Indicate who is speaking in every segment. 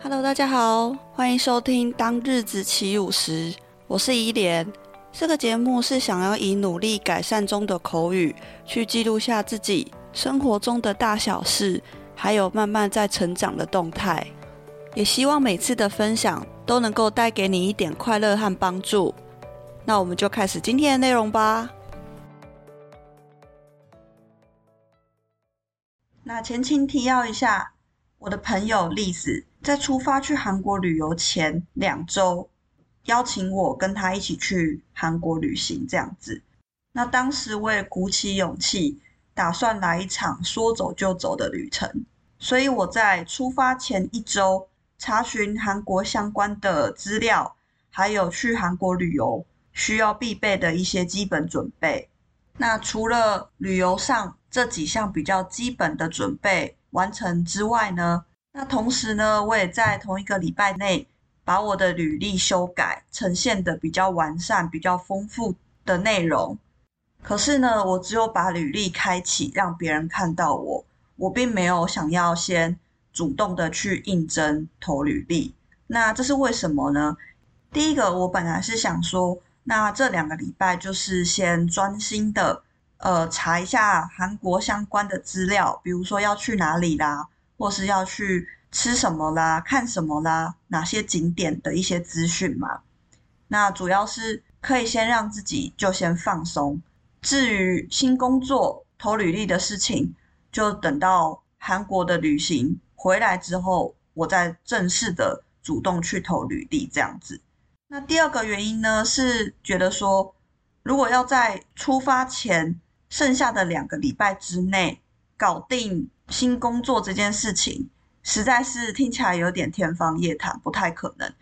Speaker 1: Hello，大家好，歡迎收聽《當日子起舞時》，我是伊蓮。這個節目是想要以努力改善中的口語，去記錄下自己生活中的大小事，還有慢慢在成長的動態。也希望每次的分享都能夠帶給你一點快樂和幫助。那我們就開始今天的內容吧。那前情提要一下，我的朋友麗子。在出發去韓國旅遊前兩周，邀請我跟他一起去韓國旅行這樣子。那當時我也鼓起勇氣，打算來一場說走就走的旅程。所以我在出發前一周查詢韓國相關的資料，還有去韓國旅遊需要必備的一些基本準備。那除了旅遊上這幾項比較基本的準備完成之外呢？那同時呢，我也在同一個禮拜內把我的履歷修改，呈現得比較完善，比較豐富的內容。可是呢，我只有把履歷開啟，讓別人看到我，我並沒有想要先主動的去應徵投履歷。那這是為什麼呢？第一個，我本來是想說，那這兩個禮拜就是先專心的，呃，查一下韓國相關的資料，比如說要去哪裡啦。或是要去吃什麼啦，看什麼啦，哪些景點的一些資訊嘛。那主要是可以先讓自己就先放鬆。至於新工作，投履歷的事情，就等到韓國的旅行回來之後，我再正式的主動去投履歷這樣子。那第二個原因呢，是覺得說，如果要在出發前剩下的兩個禮拜之內搞定。新工作這件事情，實在是聽起來有點天方夜譚，不太可能。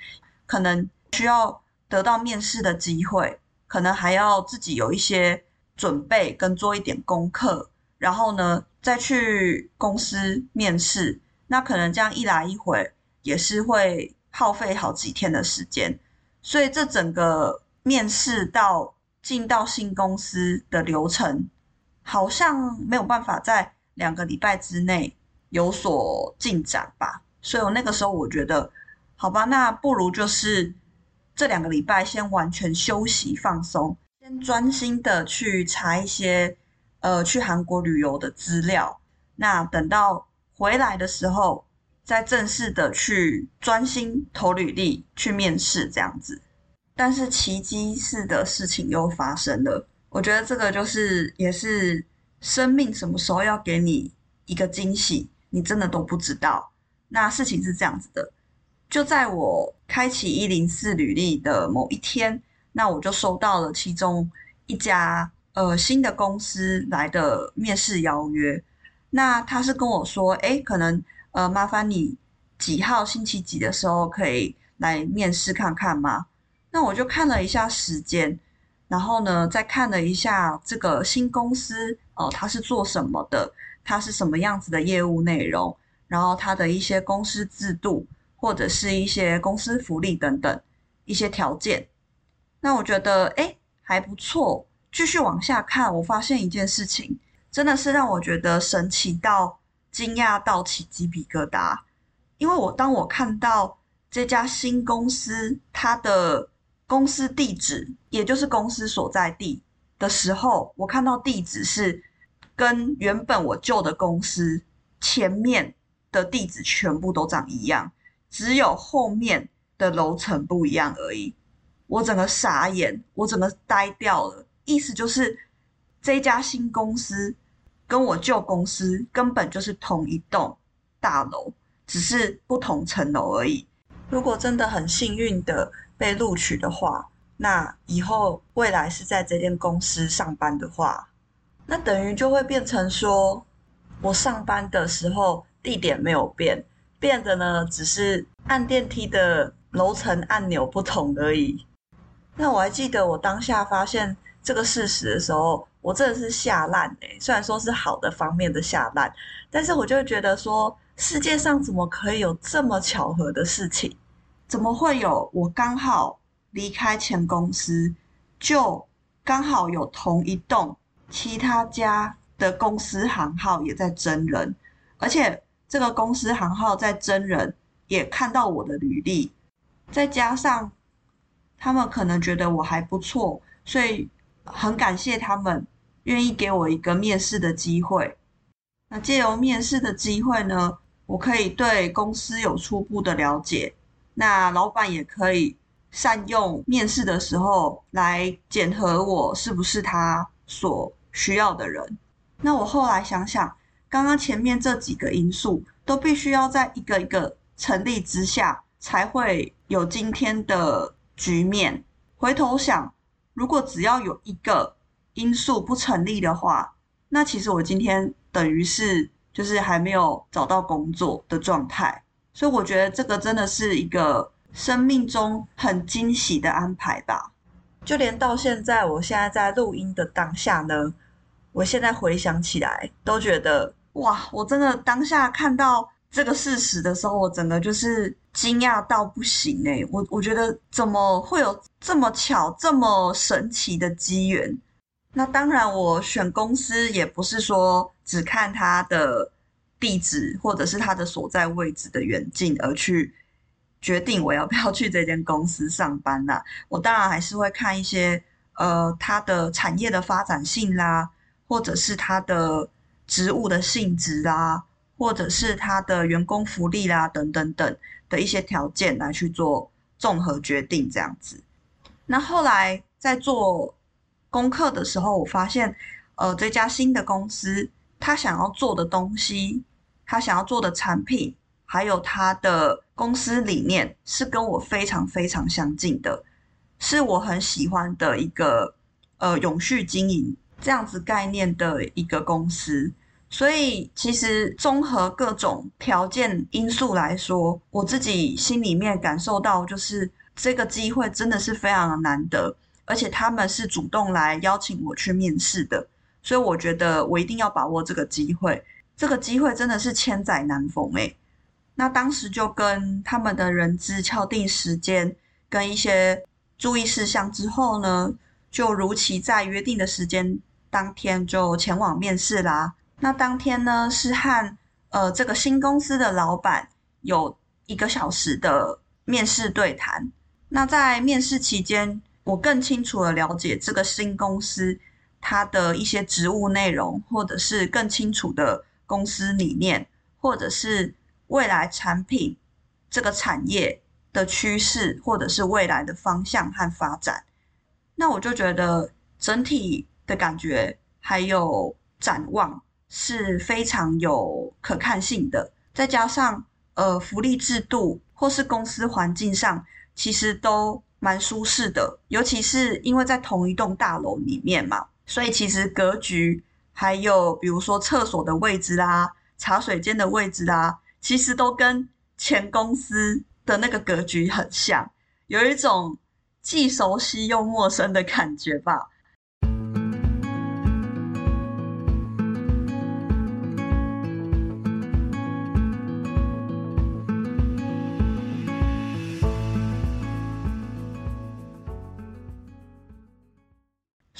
Speaker 1: 可能需要得到面試的機會，可能還要自己有一些準備跟做一點功課，然後呢再去公司面試。那可能這樣一來一回，也是會耗費好幾天的時間。所以這整個面試到進到新公司的流程，好像沒有辦法在。兩個禮拜之內有所進展吧，所以我那個時候我覺得，好吧，那不如就是這兩個禮拜先完全休息放鬆，先專心的去查一些呃去韓國旅遊的資料，那等到回來的時候再正式的去專心投履歷去面試這樣子。但是奇蹟似的事情又發生了，我覺得這個就是也是。生命什麼時候要給你一個驚喜，你真的都不知道。那事情是這樣子的，就在我開啟104履歷的某一天，那我就收到了其中一家呃新的公司來的面試邀約。那他是跟我說，誒可能呃麻煩你幾號星期幾的時候可以來面試看看嗎？那我就看了一下時間，然後呢再看了一下這個新公司。哦，他是做什麼的？他是什麼樣子的業務內容？然後他的一些公司制度，或者是一些公司福利等等一些條件。那我覺得，哎，還不錯。繼續往下看，我發現一件事情，真的是讓我覺得神奇到驚訝到起雞皮疙瘩。因為我當我看到這家新公司它的公司地址，也就是公司所在地。的時候，我看到地址是跟原本我舊的公司前面的地址全部都長一樣，只有後面的樓層不一樣而已。我整個傻眼，我整個呆掉了。意思就是這家新公司跟我舊公司根本就是同一棟大樓，只是不同層樓而已。如果真的很幸運的被錄取的話，那以後未來是在這間公司上班的話，那等於就會變成說，我上班的時候地點沒有變，變的呢只是按電梯的樓層按鈕不同而已。那我還記得我當下發現這個事實的時候，我真的是嚇爛、欸、雖然說是好的方面的嚇爛，但是我就會覺得說，世界上怎麼可以有這麼巧合的事情？怎麼會有我剛好？離開前公司，就剛好有同一棟其他家的公司行號也在徵人，而且這個公司行號在徵人也看到我的履歷，再加上他們可能覺得我還不錯，所以很感謝他們願意給我一個面試的機會。那借由面試的機會呢，我可以對公司有初步的了解，那老闆也可以。善用面試的時候來檢核我是不是他所需要的人。那我後來想想，剛剛前面這幾個因素都必須要在一個一個成立之下，才會有今天的局面。回頭想，如果只要有一個因素不成立的話，那其實我今天等於是就是還沒有找到工作的狀態。所以我覺得這個真的是一個生命中很驚喜的安排吧，就連到現在，我現在在錄音的當下呢，我現在回想起來都覺得哇，我真的當下看到這個事實的時候，我整個就是驚訝到不行欸！我我覺得怎麼會有這麼巧、這麼神奇的機緣？那當然，我選公司也不是說只看它的地址或者是它的所在位置的遠近而去。決定我要不要去這間公司上班啦，啊，我當然還是會看一些，呃，他的產業的發展性啦，或者是他的職務的性質啊，或者是他的員工福利啦等等等的一些條件來去做綜合決定這樣子。那後來在做功課的時候，我發現，呃，這家新的公司，他想要做的東西，他想要做的產品。還有他的公司理念是跟我非常非常相近的，是我很喜歡的一個呃永續經營這樣子概念的一個公司。所以其實綜合各種條件因素來說，我自己心裡面感受到就是這個機會真的是非常的難得，而且他們是主動來邀請我去面試的，所以我覺得我一定要把握這個機會。這個機會真的是千載難逢哎、欸。那當時就跟他們的人資敲定時間，跟一些注意事項之後呢，就如期在約定的時間當天就前往面試啦。那當天呢，是和呃這個新公司的老闆有一個小時的面試對談。那在面試期間，我更清楚的了解這個新公司它的一些職務內容，或者是更清楚的公司理念，或者是。未來產品這個產業的趨勢，或者是未來的方向和發展，那我就覺得整體的感覺還有展望是非常有可看性的。再加上，呃，福利制度或是公司環境上，其實都蠻舒適的。尤其是因為在同一棟大樓裡面嘛，所以其實格局還有比如說廁所的位置啦、茶水間的位置啦。其實都跟前公司的那個格局很像，有一種既熟悉又陌生的感覺吧。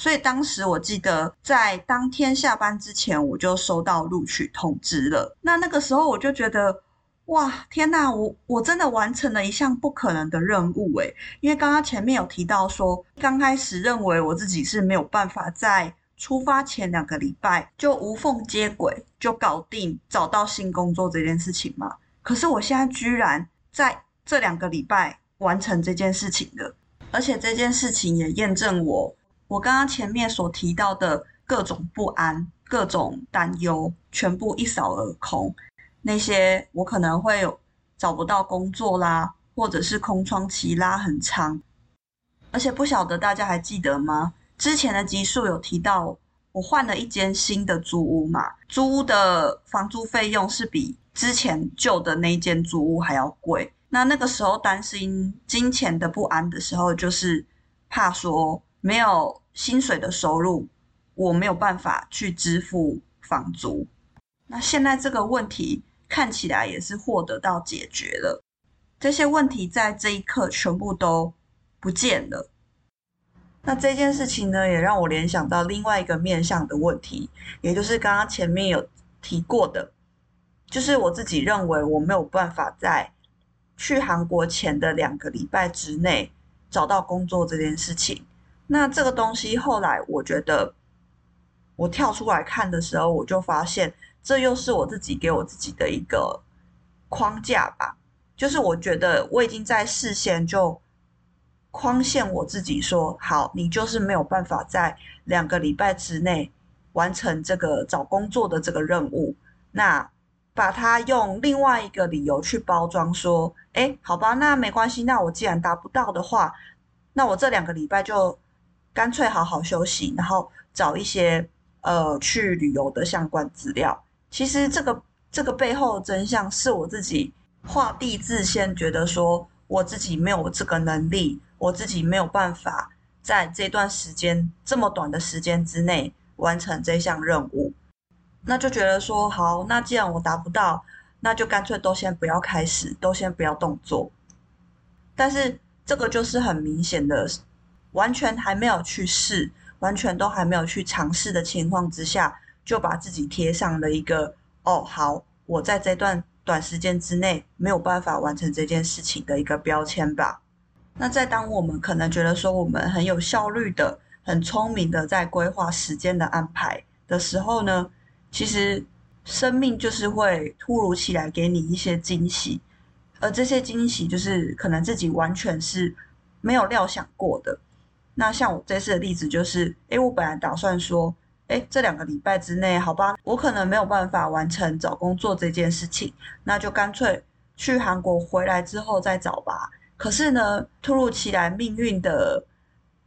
Speaker 1: 所以當時我記得在當天下班之前，我就收到錄取通知了。那那個時候我就覺得，哇，天哪，我我真的完成了一項不可能的任務誒、欸，因為剛剛前面有提到說，剛開始認為我自己是沒有辦法在出發前兩個禮拜就無縫接軌就搞定找到新工作這件事情嘛。可是我現在居然在這兩個禮拜完成這件事情了，而且這件事情也驗證我。我剛剛前面所提到的各種不安、各種擔憂，全部一掃而空。那些我可能會有找不到工作啦，或者是空窗期拉很長，而且不曉得大家還記得嗎？之前的集數有提到我換了一間新的租屋嘛，租屋的房租費用是比之前舊的那間租屋還要貴。那那個時候擔心金錢的不安的時候，就是怕說。沒有薪水的收入，我沒有辦法去支付房租。那現在這個問題看起來也是獲得到解決了，這些問題在這一刻全部都不見了。那這件事情呢，也讓我聯想到另外一個面向的問題，也就是剛剛前面有提過的，就是我自己認為我沒有辦法在去韓國前的兩個禮拜之內找到工作這件事情。那這個東西後來，我覺得我跳出來看的時候，我就發現這又是我自己給我自己的一個框架吧。就是我覺得我已經在事先就框限我自己，說好，你就是沒有辦法在兩個禮拜之內完成這個找工作的這個任務。那把它用另外一個理由去包裝，說，誒，好吧，那沒關係。那我既然達不到的話，那我這兩個禮拜就。乾脆好好休息，然後找一些呃去旅遊的相關資料。其實這個這個背後的真相是我自己畫地自限，覺得說我自己沒有這個能力，我自己沒有辦法在這段時間這麼短的時間之內完成這項任務，那就覺得說好，那既然我達不到，那就乾脆都先不要開始，都先不要動作。但是這個就是很明顯的。完全還沒有去試，完全都還沒有去嘗試的情況之下，就把自己貼上了一個“哦，好，我在這段短時間之內沒有辦法完成這件事情”的一個標籤吧。那在當我們可能覺得說我們很有效率的、很聰明的在規劃時間的安排的時候呢，其實生命就是會突如其來給你一些驚喜，而這些驚喜就是可能自己完全是沒有料想過的。那像我這次的例子就是，誒，我本來打算說，誒，這兩個禮拜之內，好吧，我可能沒有辦法完成找工作這件事情，那就乾脆去韓國回來之後再找吧。可是呢，突如其來命運的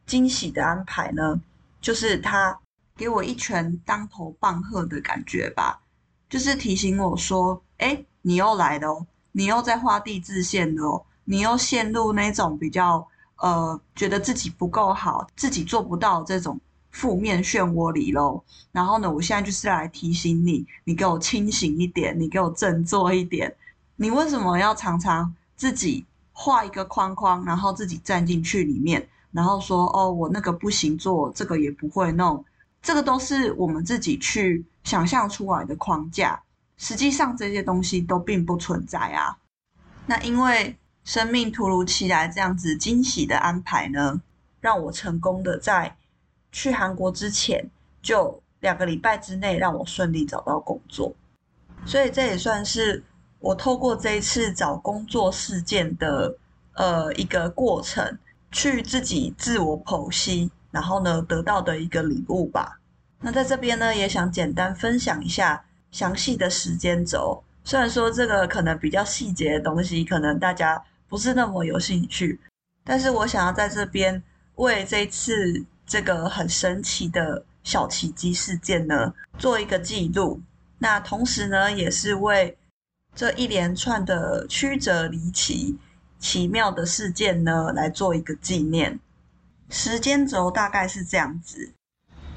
Speaker 1: 驚喜的安排呢，就是他給我一拳當頭棒喝的感覺吧，就是提醒我說，誒，你又來了哦，你又在畫地自限了哦，你又陷入那種比較。呃，覺得自己不夠好，自己做不到這種負面漩渦裡咯。然後呢，我現在就是來提醒你，你給我清醒一點，你給我振作一點。你為什麼要常常自己畫一個框框，然後自己站進去裡面，然後說哦，我那個不行做，這個也不會弄。這個都是我們自己去想象出來的框架。實際上這些東西都並不存在啊。那因為。生命突如其來，這樣子驚喜的安排呢，讓我成功的在去韓國之前就兩個禮拜之內讓我順利找到工作，所以這也算是我透過這一次找工作事件的呃一個過程去自己自我剖析，然後呢得到的一個禮物吧。那在這邊呢也想簡單分享一下詳細的時間軸，雖然說這個可能比較細節的東西，可能大家。不是那麼有興趣，但是我想要在這邊為這一次這個很神奇的小奇蹟事件呢做一個記錄，那同時呢也是為這一連串的曲折離奇、奇妙的事件呢來做一個紀念。時間軸大概是這樣子：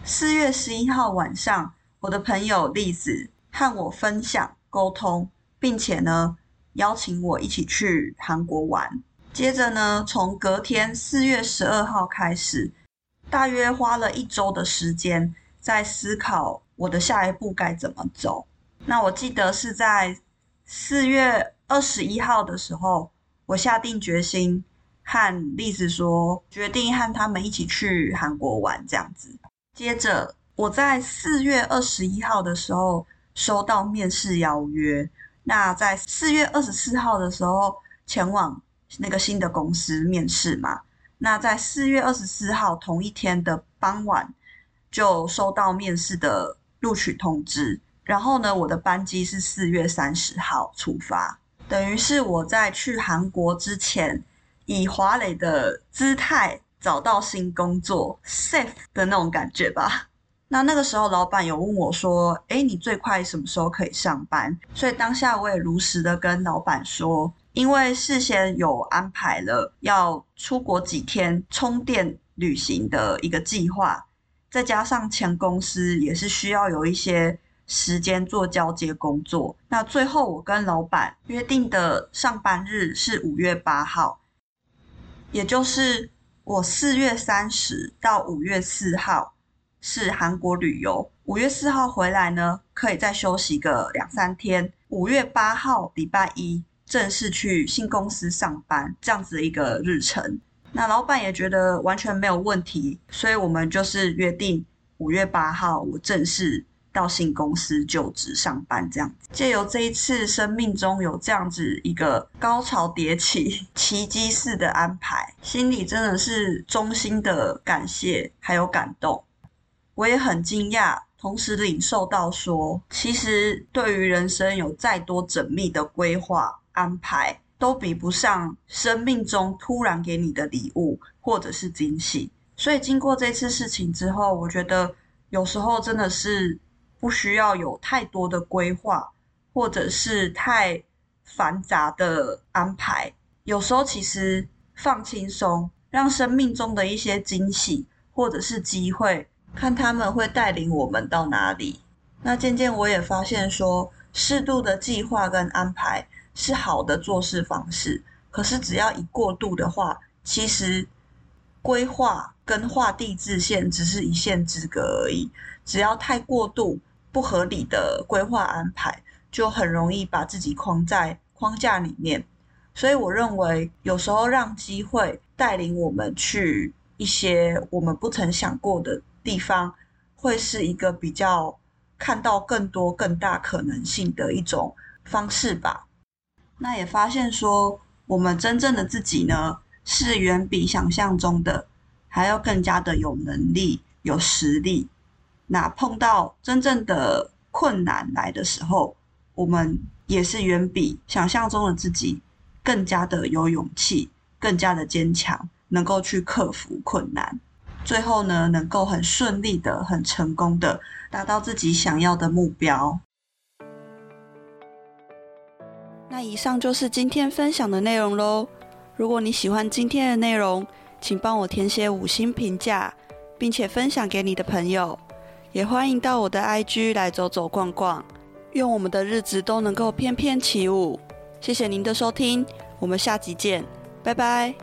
Speaker 1: 四月十一號晚上，我的朋友麗子和我分享、溝通，並且呢。邀請我一起去韓國玩。接着呢，從隔天四月十二號開始，大約花了一周的時間在思考我的下一步該怎麼走。那我記得是在四月二十一號的時候，我下定決心和麗子說，決定和他們一起去韓國玩這樣子。接着，我在四月二十一號的時候收到面試邀約。那在四月二十四號的時候前往那個新的公司面試嘛，那在四月二十四號同一天的傍晚就收到面試的錄取通知，然後呢，我的班機是四月三十號出發，等於是我在去韓國之前以華麗的姿態找到新工作，safe 的那種感覺吧。那那個時候，老闆有問我說：“誒，你最快什麼時候可以上班？”所以當下我也如實的跟老闆說，因為事先有安排了要出國幾天充電旅行的一個計劃，再加上前公司也是需要有一些時間做交接工作。那最後我跟老闆約定的上班日是五月八號，也就是我四月三十到五月四號。是韓國旅遊，五月四號回來呢，可以再休息個兩三天。五月八號，禮拜一正式去新公司上班，這樣子一個日程。那老板也覺得完全沒有問題，所以我們就是約定五月八號我正式到新公司就職上班，這樣子。借由這一次生命中有這樣子一個高潮迭起、奇蹟式的安排，心裡真的是衷心的感謝還有感動。我也很驚訝，同時領受到說，其實對於人生有再多縝密的規劃安排，都比不上生命中突然給你的禮物或者是驚喜。所以經過這次事情之後，我覺得有時候真的是不需要有太多的規劃，或者是太繁雜的安排。有時候其實放輕鬆，讓生命中的一些驚喜或者是機會。看他們會帶領我們到哪裡。那漸漸我也發現說，說適度的計劃跟安排是好的做事方式。可是只要一過度的話，其實規劃跟畫地自限只是一線之隔而已。只要太過度、不合理的規劃安排，就很容易把自己框在框架裡面。所以我認為，有時候讓機會帶領我們去一些我們不曾想過的。地方會是一個比較看到更多、更大可能性的一種方式吧。那也發現說，我們真正的自己呢，是遠比想象中的還要更加的有能力、有實力。那碰到真正的困難來的時候，我們也是遠比想象中的自己更加的有勇氣、更加的堅強，能夠去克服困難。最後呢，能夠很順利的、很成功的達到自己想要的目標。那以上就是今天分享的內容嘍。如果你喜歡今天的內容，請幫我填寫五星評價，並且分享給你的朋友。也歡迎到我的 IG 來走走逛逛。願我們的日子都能夠翩翩起舞。謝謝您的收聽，我們下集見，拜拜。